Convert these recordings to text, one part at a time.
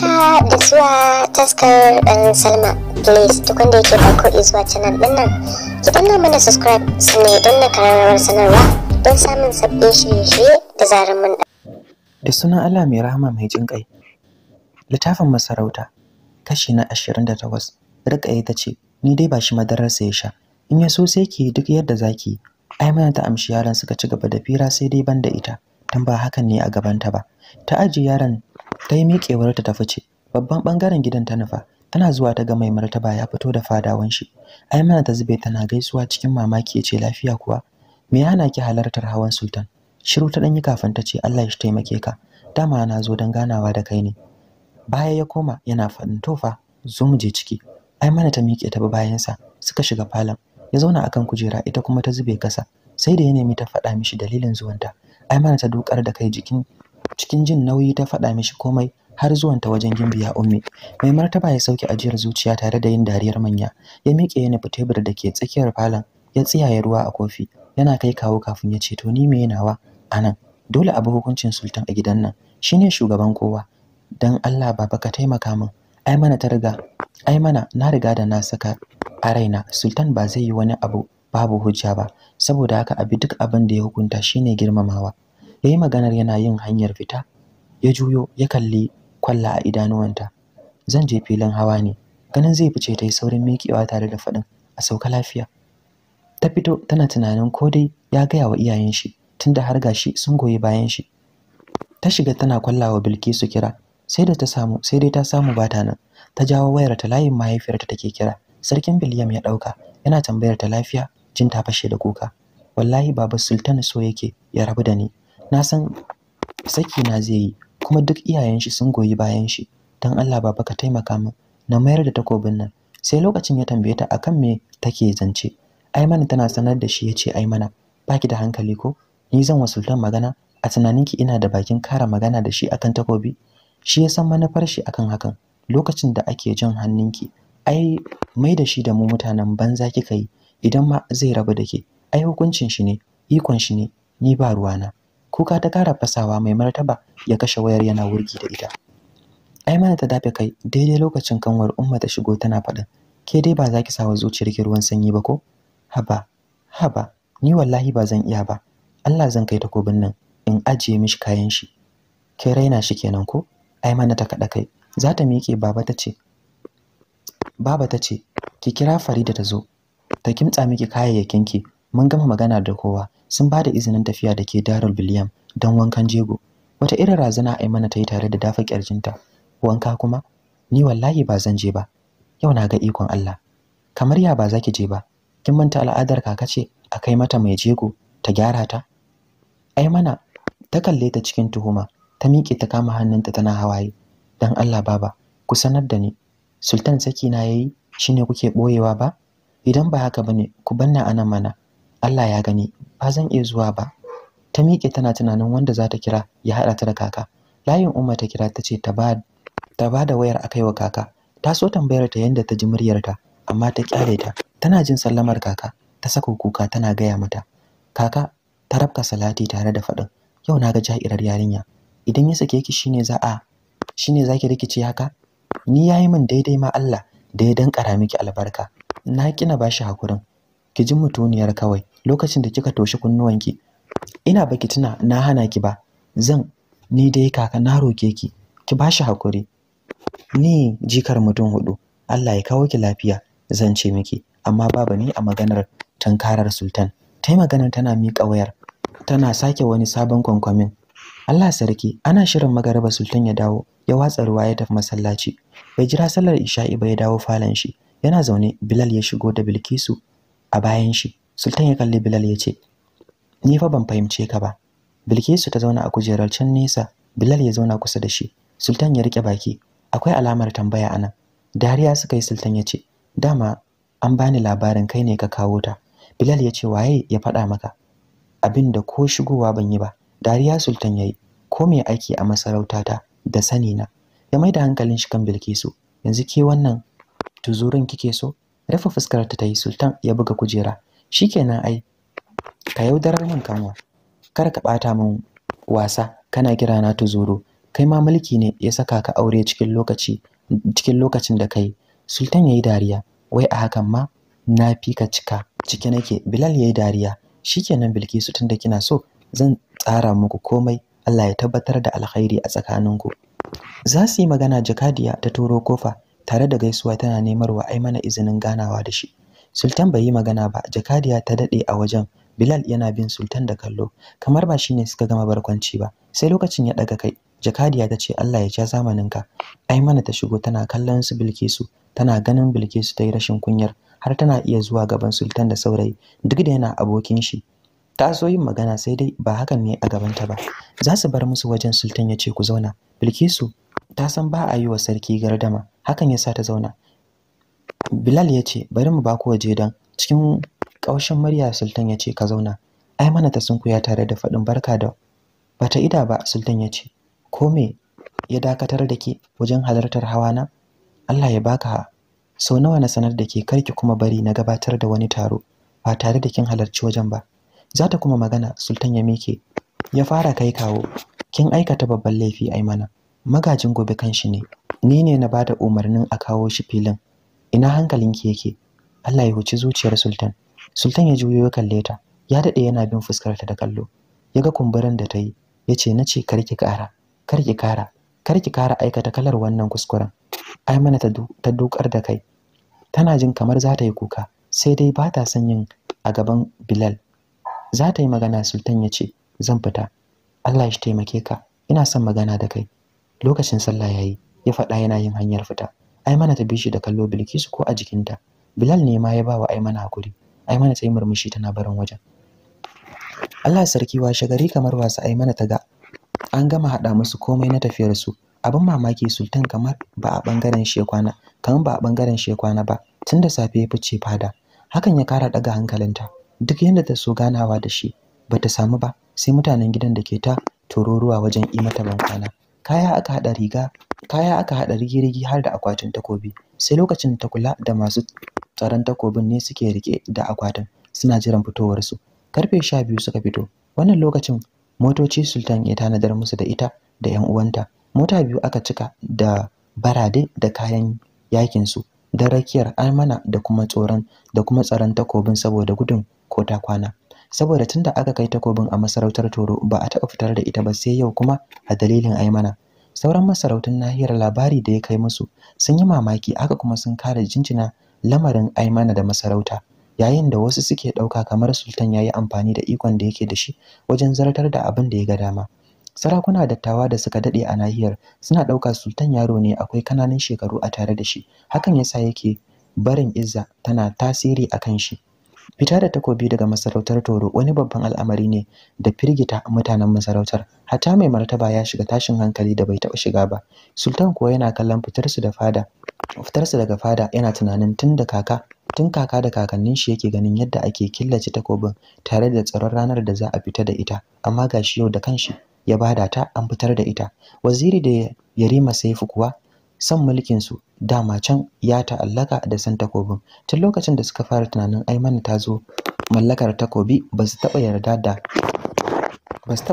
haka da zuwa taskar ɗan salma please duk wanda yake farko izuwa canal ɗin nan ki danna mana subscribe sannan don na kararrawar sanarwa don samun sabbin shirye-shirye da zarar mun da da sunan allah mai rahama mai jin kai littafin masarauta kashi na ashirin rika takwas ta ce ni dai ba shi madararsa ya sha in ya so sai ki duk yadda zaki ai mana ta amshi yaran suka ci gaba da fira sai dai banda ita dan ba hakan ne a gabanta ba ta aji yaron ta yi miƙewar ta fice babban bangaren gidan ta nufa tana zuwa ta ga mai martaba ya fito da fadawan shi ai mana ta zube tana gaisuwa cikin mamaki ya ce lafiya kuwa me ya hana ki halartar hawan sultan shiru ta ɗanyi kafin ta ce Allah ya shi taimake ka dama na zo don ganawa da kai ne baya ya koma yana faɗin tofa zo mu je ciki ai mana ta miƙe ta bi bayansa suka shiga falon ya zauna akan kujera ita kuma ta zube kasa sai da ya nemi ta faɗa mishi dalilin zuwanta ai mana ta dukar da kai jikin cikin jin nauyi ta faɗa mishi komai har zuwan ta wajen gimbiya ummi mai martaba ya sauke ajiyar zuciya tare da yin dariyar manya ya miƙe ya nufi tebur da ke tsakiyar falon ya tsiyaye ruwa a kofi yana kai kawo kafin ya ce to ni me nawa anan dole abu hukuncin sultan a gidan nan shine shugaban kowa dan Allah baba ka taimaka min ai mana ta riga ai mana na riga da na saka a raina sultan ba zai yi wani abu babu hujja ba saboda haka abi duk abin da ya hukunta shine girmamawa ya yi maganar yana yin hanyar fita ya juyo ya kalli kwalla a idanuwanta zan je filin hawa ne ganin zai fice ta yi saurin miƙewa tare da faɗin a sauka lafiya ta fito tana tunanin ko dai ya gaya wa iyayen shi tunda har gashi sun goyi bayan shi ta shiga tana kwallawa Bilkisu kira sai da ta samu sai dai ta samu bata nan ta jawo wayar ta layin mahaifiyarta take kira sarkin Biliyam ya ɗauka, yana tambayar ta lafiya jin ta fashe da kuka wallahi baba Sultan so yake ya rabu da ni na san saki na zai yi kuma duk iyayen shi sun goyi bayan shi dan Allah baba ka taimaka min na mayar da takobin nan sai lokacin ya tambaye ta akan me take zance Aimana tana sanar da shi yace Aimana baki da hankali ko ni zan wasultan magana a tunaninki ina da bakin kara magana da shi akan takobi shi ya san manufar shi akan hakan lokacin da ake jan hannunki ai mai da shi da mu mutanen banza kika yi idan ma zai rabu da ke ai hukuncin shi ne ikon shi ne ni ba ruwana kuka ta ƙara fasawa mai martaba ya kashe wayar yana wurgi da ita ai mana ta dafe kai daidai lokacin kanwar umma ta shigo tana faɗin ke dai ba za ki sawa ki ruwan sanyi ba ko haba haba ni wallahi ba zan iya ba Allah zan kai takobin nan in ajiye mishi kayan shi ke raina shi kenan ko ai mana ta kaɗa kai za ta miƙe baba ta ce baba ta ce ki kira Farida ta zo ta kimtsa miki kayayyakin ki mun gama magana da kowa sun ba da izinin tafiya da ke darul biliyam don wankan jego wata irin razana a yi mana ta yi tare da dafa kirjinta wanka kuma ni wallahi ba zan je ba yau na ga ikon Allah kamar ya ba za ki je ba kin manta al'adar kaka ce a kai mata mai jego ta gyara ta ai mana ta kalle ta cikin tuhuma ta miƙe ta kama hannunta tana hawaye dan Allah baba ku sanar da ni sultan saki na yayi shine kuke boyewa ba idan ba haka bane ku banna anan mana Allah ya gani ba zan iya zuwa ba ta miƙe tana tunanin wanda za ta kira ya haɗa ta da kaka layin umma ta kira ta ce ta ba da wayar akai wa kaka ta so tambayar ta yanda ta ji muryarta amma ta kyale ta tana jin sallamar kaka ta saka kuka tana gaya mata kaka ta rabka salati tare da faɗin yau na ga ja'irar yarinya idan ya sake ki shine za a shine zaki rikice haka ni yayi min daidai ma Allah da ya dankara miki albarka na kina bashi hakurin ki ji mutuniyar kawai lokacin da kika toshi kunnuwanki ina baki tuna na hana ki ba zan ni dai kaka na roke ki ki bashi hakuri ni jikar mutum hudu Allah ya kawo ki lafiya zan ce miki amma babu ni a maganar tankarar sultan tai maganar tana miƙa wayar tana sake wani sabon kwankwamin Allah sarki ana shirin magaraba sultan ya dawo ya watsa ruwa ya tafi masallaci bai jira sallar isha'i ba ya dawo falon shi yana zaune Bilal ya shigo da Bilkisu a bayan shi sultan ya kalli bilal ya ce ni fa ban fahimce ka ba bilkisu ta zauna a kujerar can nesa bilal ya zauna kusa da shi sultan ya rike baki akwai alamar tambaya nan. dariya suka yi sultan ya ce dama an bani labarin kai ne ka kawo ta bilal ya ce waye ya faɗa maka abin da ko shigowa ban yi ba dariya sultan ya yi ko mai aiki a masarautata da sani na ya mai da hankalin shi kan bilkisu yanzu ke wannan tuzurin kike so Rafa fuskar ta yi sultan ya buga kujera shikenan ai ka yaudarar min kanwa kar ka bata min wasa kana kira na tuzuru kai ma mulki ne ya saka ka aure cikin lokaci cikin lokacin da kai sultan yayi dariya wai a hakan ma na fi ka cika ciki nake bilal yayi dariya shi shikenan bilkisu tunda kina so zan tsara muku komai Allah ya tabbatar da alkhairi a tsakaninku za su yi magana jakadiya ta turo kofa tare da gaisuwa tana nemarwa. Ai mana izinin ganawa da shi Sultan bai yi magana ba, Jakadiya ta dade a wajen. Bilal yana bin Sultan da kallo, kamar ba shine suka gama barkwanci ba. Sai lokacin ya daga kai, Jakadiya ta ce Allah ya ja zamaninka. Ai mana ta shigo tana kallon su Bilkisu, tana ganin Bilkisu ta yi rashin kunyar, har tana iya zuwa gaban Sultan da saurayi, duk da yana abokin shi. Ta so yin magana sai dai ba hakan ne a gabanta ba. Za su bar musu wajen Sultan ya ce ku zauna. Bilkisu ta san ba a yi wa sarki gardama, hakan ya sa ta zauna. Bilal ya ce, bari mu bako waje dan. cikin ƙaushin murya Sultan ya ce, ka zauna. Ai mana ta sunkuya tare da faɗin barka da bata ida ba Sultan ya ce, ko me ya dakatar da ke wajen halartar hawa na? Allah ya baka sau nawa na sanar da ke karki kuma bari na gabatar da wani taro ba tare da kin halarci wajen ba. Za ta kuma magana Sultan ya mike ya fara kai kawo kin aikata babban laifi ai mana magajin gobe kanshi ne ni ne na bada umarnin a kawo shi filin ina hankalinki yake Allah ya huci zuciyar sultan sultan ya juyo ya kalle ta ya dade yana bin fuskar ta da kallo yaga kumburin da ta yi yace nace karki kara karki kara karki kara aikata kalar wannan kuskuren ai mana ta dukar da kai tana jin kamar za ta yi kuka sai dai ba ta son yin a gaban Bilal za ta yi magana sultan ya ce zan fita Allah shi taimake ka ina son magana da kai lokacin sallah yayi ya faɗa yana yin hanyar fita Aimana ta bishi da kallo Bilkisu ko a jikinta. Bilal ne ma ya bawa Aimana hakuri. Aimana ta yi murmushi tana barin wajen. Allah sarki washe gari kamar wasa Aimana ta ga an gama haɗa musu komai na tafiyar su. Abin mamaki Sultan kamar ba a bangaren shi kwana, kamar ba a bangaren shi kwana ba. Tun da safe ya fice fada. Hakan ya kara daga hankalinta. Duk yadda ta so ganawa da shi bata samu ba sai mutanen gidan da ke ta tururuwa wajen yi mata bankwana. Kaya aka haɗa riga kaya aka haɗa rigirigi har da akwatin takobi sai lokacin ta kula da masu tsaron takobin ne suke rike da akwatin suna jiran fitowarsu karfe sha biyu suka fito wannan lokacin motoci sultan ya tanadar musu da ita da yan uwanta mota biyu aka cika da barade da kayan yakin su da rakiyar almana da kuma tsoron da kuma tsaron takobin saboda gudun kota kwana saboda tunda aka kai takobin a masarautar toro ba a taɓa fitar da ita ba sai yau kuma a dalilin aimana sauran masarautun nahiyar labari da ya kai musu sun yi mamaki aka kuma sun kare jinjina lamarin aimana da masarauta yayin da wasu suke ɗauka kamar sultan ya yi amfani da ikon da yake da shi wajen zartar da abin da ya ga dama sarakuna dattawa da suka daɗe a nahiyar suna ɗauka sultan yaro ne akwai kananan shekaru a tare da shi hakan yasa yake barin izza tana tasiri a kan shi Fita da takobi daga masarautar Toro wani babban al'amari ne da firgita mutanen masarautar. hata mai martaba ya shiga tashin hankali da bai taɓa shiga ba. Sultan kuwa yana kallon fitarsu da fada. Fitarsu daga fada yana tunanin tun da kaka tun kaka da kakannin shi yake ganin yadda ake killace takobin tare da tsaron ranar da za a fita da ita amma gashi yau da kanshi ya bada ta an fitar da ita waziri da yarima saifu kuwa son su, dama can ya ta'allaka da san takobin tun lokacin da suka fara tunanin mana ta zo mallakar takobi ba su taɓa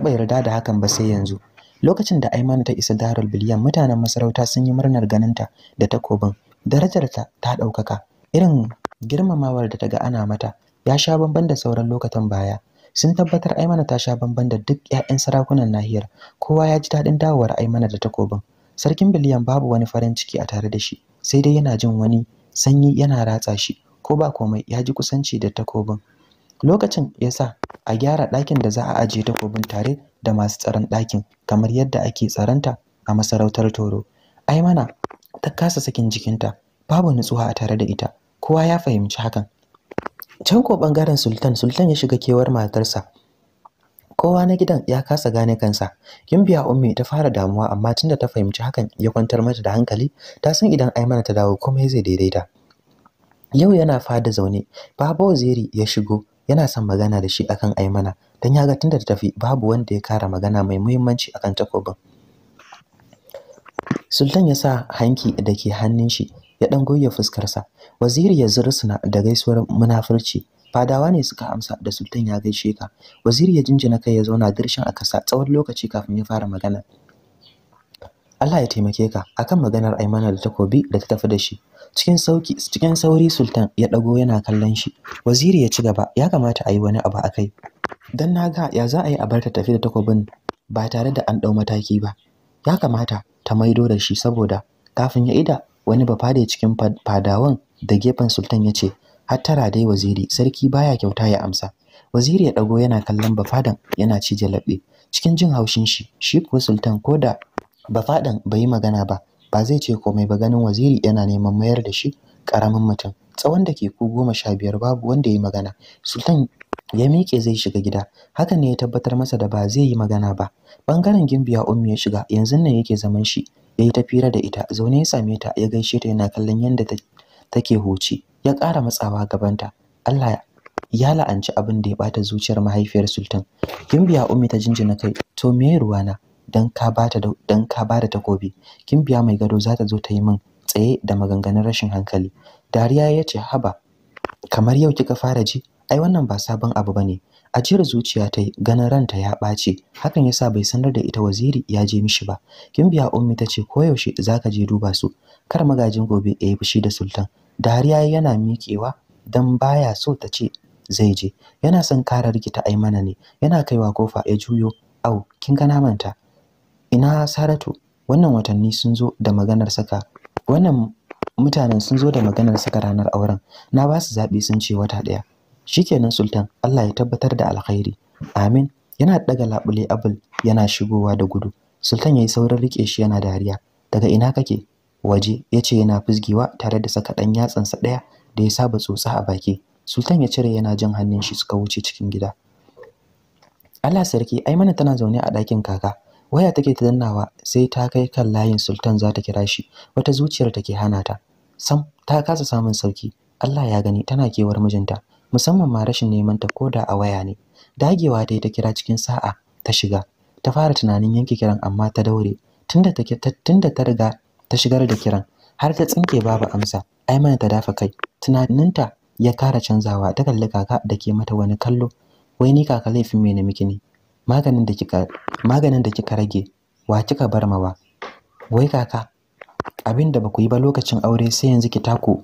yarda da hakan ba sai yanzu lokacin da aimana ta isa darul biliyan mutanen masarauta sun yi murnar ganinta da takobin darajarta ta ɗaukaka irin girmamawar da ta ga ana mata ya sha bamban da sauran lokacin baya sun tabbatar mana ta sha bamban da duk 'ya'yan sarakunan nahiyar kowa ya ji daɗin dawowar aimana da takobin sarkin biliyan babu wani farin ciki a tare da shi sai dai yana jin wani sanyi yana ratsa shi ko ba komai ya ji kusanci da takobin lokacin ya sa a gyara ɗakin da za a ajiye takobin tare da masu tsaron ɗakin kamar yadda ake tsaronta a masarautar toro ai mana ta kasa sakin jikinta babu nutsuwa a tare da ita kowa ya fahimci hakan can ko bangaren sultan sultan ya shiga kewar matarsa kowa na gidan ya kasa gane kansa kimbiya ummi ta fara damuwa amma tunda ta fahimci hakan ya kwantar mata da hankali ta san idan aimana ta dawo komai zai daidaita yau yana fada zaune babu waziri ya shigo yana son magana da shi akan aimana dan ya ga tunda ta tafi babu wanda ya kara magana mai muhimmanci akan takobin sultan ya sa hanki da ke hannun shi ya ɗan goge fuskarsa waziri ya zurusuna da gaisuwar munafurci fadawa ne suka amsa da sultan ya gaishe ka waziri ya jinjina kai ya zauna dirshin a kasa tsawon lokaci kafin ya fara magana Allah ya taimake ka akan maganar Aimana da takobi da ta tafi da shi cikin sauki cikin sauri sultan ya dago yana kallon shi waziri ya ci gaba ya kamata a yi wani abu akai dan naga ya za a yi a bar ta tafi da takobin ba tare da an dau mataki ba ya kamata ta maido da shi saboda kafin ya ida wani bafade cikin fadawan da gefen sultan ya ce har hattara dai waziri sarki baya kyauta ya amsa waziri ya dago yana kallon bafadan yana ci laɓe cikin jin haushin shi shi kuwa sultan ko da bafadan bai yi magana ba ba zai ce komai ba ganin waziri yana neman mayar da shi karamin mutum tsawon da ke ku goma sha biyar babu wanda ya magana sultan ya miƙe zai shiga gida haka ne ya tabbatar masa da ba zai yi magana ba bangaren gimbiya ummi ya shiga yanzu nan yake zaman shi ya yi tafira da ita zaune ya same ta ya gaishe ta yana kallon yadda take huci ya ƙara matsawa gabanta Allah ya la'anci abin da ya bata zuciyar mahaifiyar sultan gimbiya ummi ta jinjina kai to me ruwana dan ka bata dan ka bada takobi gimbiya mai gado za ta zo ta yi min tsaye da maganganun rashin hankali dariya ya ce haba kamar yau kika fara ji ai wannan ba sabon abu bane ajiyar zuciya ta yi ganin ranta ya ɓace hakan yasa bai sanar da ita waziri ya je mishi ba gimbiya ummi ta ce koyaushe za ka je duba su kar magajin gobe ya yi fushi da sultan dariya yana miƙewa dan baya so ta ce zai je yana son kara rikita ai mana ne yana kaiwa kofa ya juyo au kin ga namanta ina saratu wannan watanni sun zo da maganar saka wannan mutanen sun zo da maganar saka ranar auren na ba su zaɓi sun ce wata ɗaya shikenan sultan Allah ya tabbatar da alkhairi amin yana daga labule abul yana shigowa da gudu sultan yayi saurin rike shi yana dariya daga ina kake waje ya ce yana fizgewa tare da saka ɗan yatsansa ɗaya da ya saba tsotsa a baki sultan ya cire yana jin hannun shi suka wuce cikin gida Allah sarki ai mana tana zaune a ɗakin kaka waya take ta dannawa sai ta kai kan layin sultan za ta kira shi wata zuciyar take hana ta sam ta kasa samun sauki Allah ya gani tana kewar mijinta musamman ma rashin neman ta ko da a waya ne dagewa dai ta kira cikin sa'a ta shiga ta fara tunanin yanke kiran amma ta daure tunda ta riga ta shigar da kiran har ta tsinke babu amsa mana ta dafa kai tunaninta ya kara canzawa ta kalli kaka da ke mata wani kallo wai ni kaka laifin me ne miki ne maganin da kika maganin da kika rage wa kika bar mawa wai kaka abin da baku yi ba lokacin aure sai yanzu ki taku.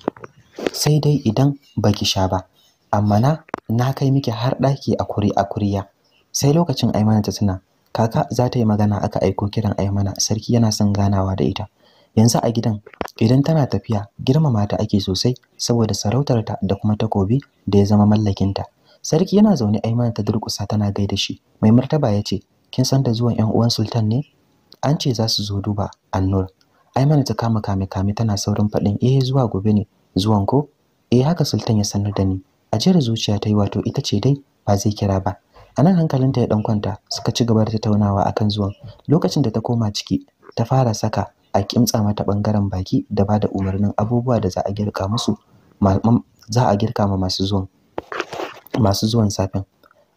sai dai idan baki sha ba amma na na kai miki har daki a kuri a kuriya sai lokacin Aimana ta tuna kaka za ta yi magana aka aiko kiran Aimana sarki yana son ganawa da ita yanzu a gidan idan tana tafiya girmama ta ake sosai saboda sarautar ta da kuma takobi da ya zama mallakinta sarki yana zaune aiman ta durƙusa tana gaida shi mai martaba ya ce kin san da zuwan yan uwan sultan ne an ce za su zo duba annur aiman ta kama kame kame tana saurin faɗin eh zuwa gobe ne zuwan ko eh haka sultan ya sanar da ni ajiyar zuciya ta yi wato ita ce dai ba zai kira ba a nan hankalinta ya ɗan kwanta suka ci gaba da tattaunawa akan zuwan lokacin da ta koma ciki ta fara saka a kimtsa mata bangaren baki da bada umarnin abubuwa da za a girka musu za a girka ma masu zuwan masu zuwan safin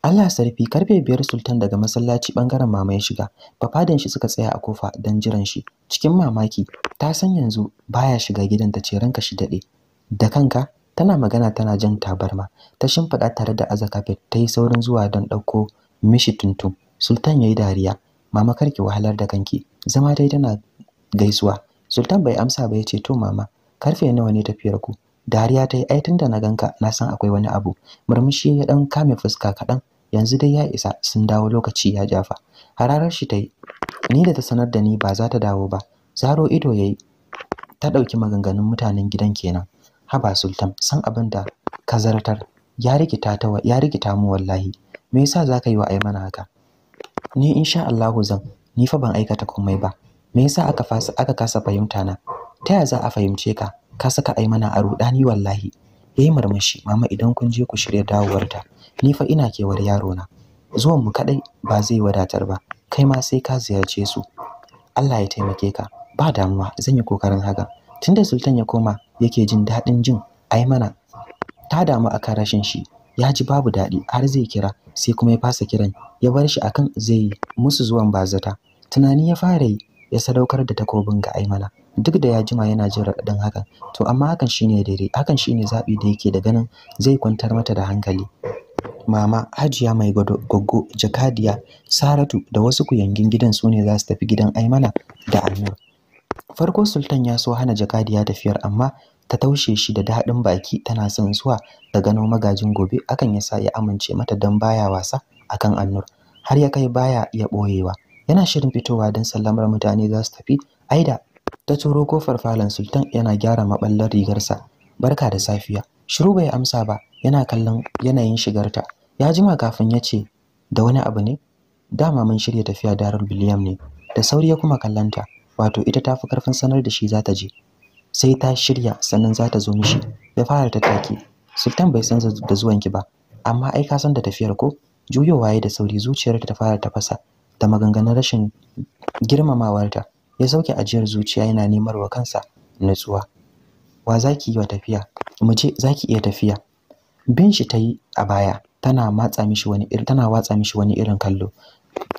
Allah sarfi karfe biyar sultan daga masallaci bangaren mama ya shiga fafadan shi suka tsaya a kofa don jiran shi cikin mamaki ta san yanzu baya shiga gidan ta ce ranka shi dade da kanka tana magana tana jan tabarma ta shimfiɗa tare da aza ta yi saurin zuwa don ɗauko mishi tuntum sultan ya yi dariya mama karki wahalar da kanki zama dai tana gaisuwa sultan bai amsa ba ya ce to mama karfe nawa ne tafiyar ku dariya ta yi ai da na ganka na san akwai wani abu murmushi ya dan kame fuska kaɗan yanzu dai ya isa sun dawo lokaci ya jafa hararar shi ta yi ni da ta sanar da ni ba za ta dawo ba zaro ido ya yi ta ɗauki maganganun mutanen gidan kenan haba sultan san abin da ka zartar ya rikita mu wallahi me yasa ka yi wa ai mana haka ni insha Allahu zan ni fa ban aikata komai ba me yasa aka fasa aka kasa fahimta na ta ya za a fahimce ka ka saka ai mana a rudani wallahi yayi murmushi mama idan kun je ku shirya dawowarta ni fa ina kewar yaro na zuwan mu kadai ba zai wadatar ba kai ma sai ka ziyarce su Allah ya taimake ka ba damuwa zan yi kokarin haka tunda sultan ya koma yake jin dadin jin ai mana ta damu akan rashin shi ya ji babu daɗi har zai kira sai kuma ya fasa kiran ya bar shi akan zai musu zuwan bazata tunani ya fara yi ya sadaukar da takobin ga Aimala duk da ya jima yana jin raɗaɗin hakan to amma hakan shine daidai hakan shine zaɓi da yake da ganin zai kwantar mata da hankali mama hajiya mai goggo jakadiya saratu da wasu kuyangin gidan su ne za su tafi gidan aimana da annur farko sultan ya so hana jakadiya tafiyar amma ta taushe shi da daɗin baki tana son zuwa da gano magajin gobe akan yasa ya amince mata don baya wasa akan annur har ya kai baya iya ɓoyewa yana shirin fitowa don sallamar mutane za su tafi aida ta turo kofar falon sultan yana gyara maballar rigarsa barka da safiya shiru bai amsa ba yana kallon yanayin shigarta ya jima kafin ya ce da wani abu ne dama mun shirya tafiya darul biliyam ne da sauri ya kuma kallanta wato ita ta fi karfin sanar da shi za ta je sai ta shirya sannan za ta zo mishi ya fara tattaki sultan bai san da zuwanki ba amma ai ka san da tafiyar ko juyowa ya da sauri zuciyarta ta fara tafasa da maganganun rashin girmamawarta ya sauke ajiyar zuciya yana nemar wa kansa nutsuwa wa zaki yi wa tafiya mu ce zaki iya tafiya bin shi ta yi a baya tana matsa mishi wani irin tana watsa mishi wani irin kallo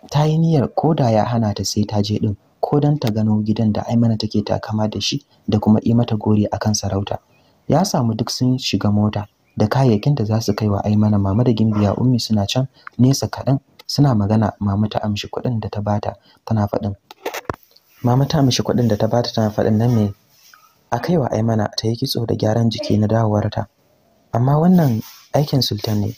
ta yi niyyar ko da ya hana ta sai ta je din ko dan ta gano gidan da Aimana take takama da shi da kuma yi mata gori akan sarauta ya samu duk sun shiga mota da kayayyakin da za su kai wa Aimana mama da Gimbiya Ummi suna can nesa kaɗan suna magana mama ta amshi kuɗin da ta bata tana faɗin mama ta amshi kuɗin da ta bata tana faɗin nan me a wa aimana ta yi kitso da gyaran jiki na dawowarta amma wannan aikin sultan ne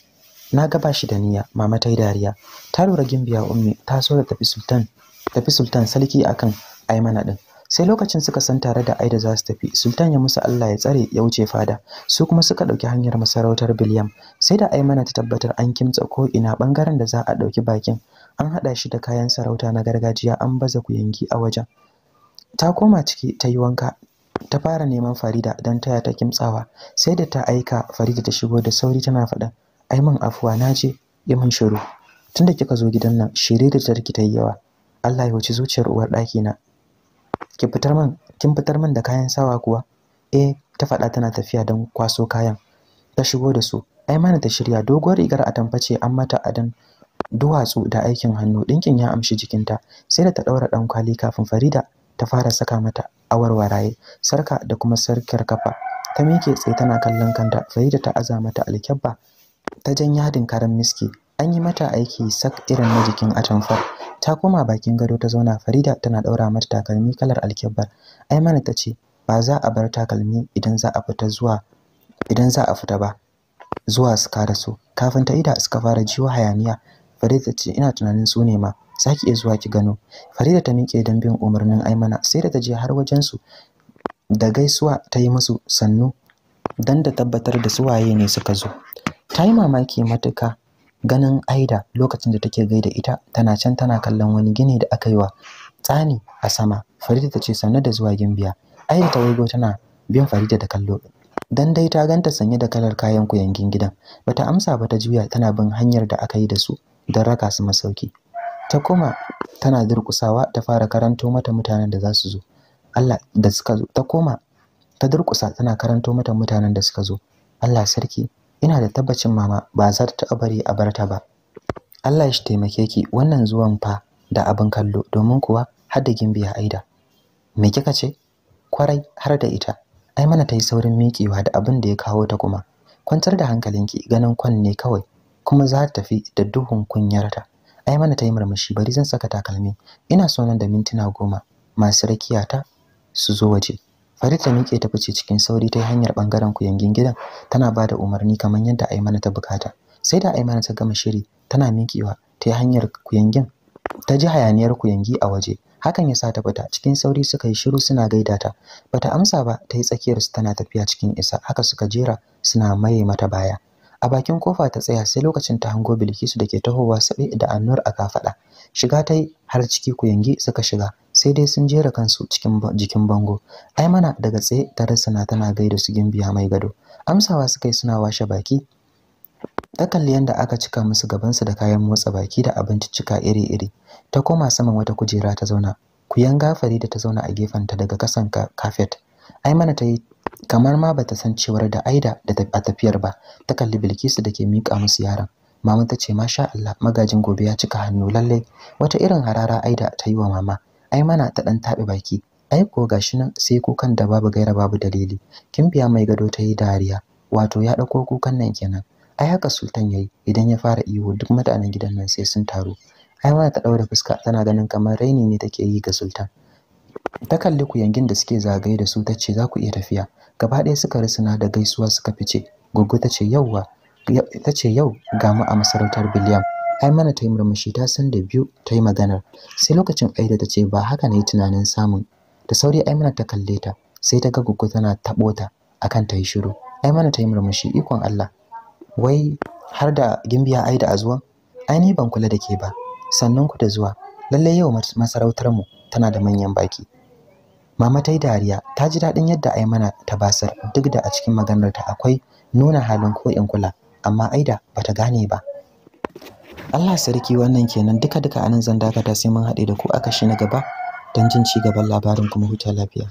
na gaba shi da niyya mama ta yi dariya ta lura gimbiya ummi ta so da tafi sultan tafi sultan sarki akan aimana din sai lokacin suka san tare da aida za su tafi sultan ya musu allah ya tsare ya wuce fada su kuma suka ɗauki hanyar masarautar biliyam sai da aimana ta tabbatar an kimtsa ko ina bangaren da za a ɗauki bakin an haɗa shi da kayan sarauta na gargajiya an baza ku yanki a wajen ta koma ciki ta yi wanka ta fara neman farida don taya ta kimtsawa sai da ta aika farida ta shigo da sauri tana faɗa ai min afuwa na je yi min shiru tunda kika zo gidan nan da tarki ta yi yawa Allah ya wuce zuciyar uwar ɗaki na ki fitar min kin fitar min da kayan sawa kuwa eh ta faɗa tana tafiya don kwaso kayan ta shigo da su ai mana ta shirya doguwar rigar atamface ce an mata adan duwatsu da aikin hannu ɗinkin ya amshi jikinta sai da ta ɗaura ɗan kwali kafin farida ta fara saka mata awarwaraye sarka da kuma sarkar kafa ta miƙe tsaye tana kallon kanta farida ta aza mata alkyabba ta jan yadin karan miski an yi mata aiki sak irin na jikin atamfar ta koma bakin gado ta zauna farida tana ɗaura mata takalmi kalar alkibbar aimana ta ce ba za a bar takalmi idan za a fita zuwa idan za a fita ba zuwa su da su kafin ta ida suka fara jiwa hayaniya farida ta ce ina tunanin su ne ma za ki iya zuwa ki gano farida ta miƙe don bin umarnin aimana sai da ta je har wajen su da gaisuwa ta yi musu sannu don da tabbatar da su waye ne suka zo ta yi mamaki matuka ganin aida lokacin da take gaida ita tana can tana kallon wani gini da aka yi wa tsani a sama farida ta ce sannu da zuwa gimbiya aida ta waigo tana bin farida da kallo dan dai ta ganta sanye da kalar kayan kuyangin gidan bata amsa ba ta juya tana bin hanyar da aka yi da su dan raka su masauki ta kuma tana durkusawa ta fara karanto mata mutanen da za su zo Allah da suka zo ta koma ta durkusa tana karanto mata mutanen da suka zo Allah sarki ina da tabbacin mama ba za ta taɓa bari a barta ba Allah shi taimake ki wannan zuwan fa da abin kallo domin kuwa har da gimbiya aida me kika ce kwarai har da ita ai mana ta yi saurin miƙewa da abin da ya kawo ta kuma kwantar da hankalinki ganin kwan ne kawai kuma za ta tafi da duhun kunyarta ai mana ta yi murmushi bari zan saka takalmi ina sonan da mintuna goma masu ta su zo waje Farita ta miƙe ta fice cikin sauri ta hanyar bangaren kuyangin gidan tana ba da umarni kamar yadda Aimana ta bukata. Sai da Aimana ta gama shiri tana miƙewa ta hanyar kuyangin ta ji hayaniyar kuyangi a waje hakan ya sa ta fita cikin sauri suka yi shiru suna gaida ta bata amsa ba ta yi tsakiyar su tana tafiya cikin isa haka suka jera suna maye mata baya a bakin kofa ta tsaya sai lokacin ta hango Bilkisu da ke tahowa sabe da annur a kafaɗa. shiga ta yi har ciki kuyangi suka shiga sai dai sun jera kansu cikin jikin bango ai mana daga tsaye ta rasana tana gaida su gimbiya mai gado amsawa suka yi suna washe baki ta kalli yadda aka cika musu gabansu da kayan motsa baki da abinci cika iri-iri ta koma saman wata kujera ta zauna kuyan gafari da ta zauna a gefenta daga kasan kafet ai mana ta yi kamar ma bata san cewar da aida da a tafiyar ba ta kalli bilkisu da ke miƙa musu yaran mama ta ce masha Allah magajin gobe ya cika hannu lalle wata irin harara aida ta yi wa mama ai mana ta dan taɓe baki ai ko gashi nan sai kukan da babu gaira babu dalili kin biya mai gado ta yi dariya wato ya dauko kukan nan kenan ai haka sultan yayi idan ya fara iwo duk mutanen gidan nan sai sun taru ai mana ta daura fuska tana ganin kamar raini ne take yi ga sultan ta kalli ku yangin da suke zagaye da su tace za ku iya tafiya gaba ɗaya suka risuna da gaisuwa suka fice goggo tace yauwa tace yau ga mu a masarautar biliyam Aimana ta yi murmushi ta san da biyu ta yi maganar. Sai lokacin Aida ta ce ba haka ne tunanin samun. Da sauri Aimana ta kalle ta sai ta ga gugu tana taɓo ta akan ta yi shiru. mana ta yi murmushi ikon Allah. Wai har da gimbiya Aida a zuwa? Ai ni ban kula da ke ba. Sannan ku da zuwa. Lallai yau masarautar mu tana da manyan baki. Mama ta yi dariya, ta ji daɗin yadda Aimana ta basar duk da a cikin maganar ta akwai nuna halin ko in kula, amma Aida bata gane ba. Allah sarki wannan kenan duka duka anan zan dakata sai mun haɗe da ku aka shi na gaba don jin ci gaban labarin kuma huta lafiya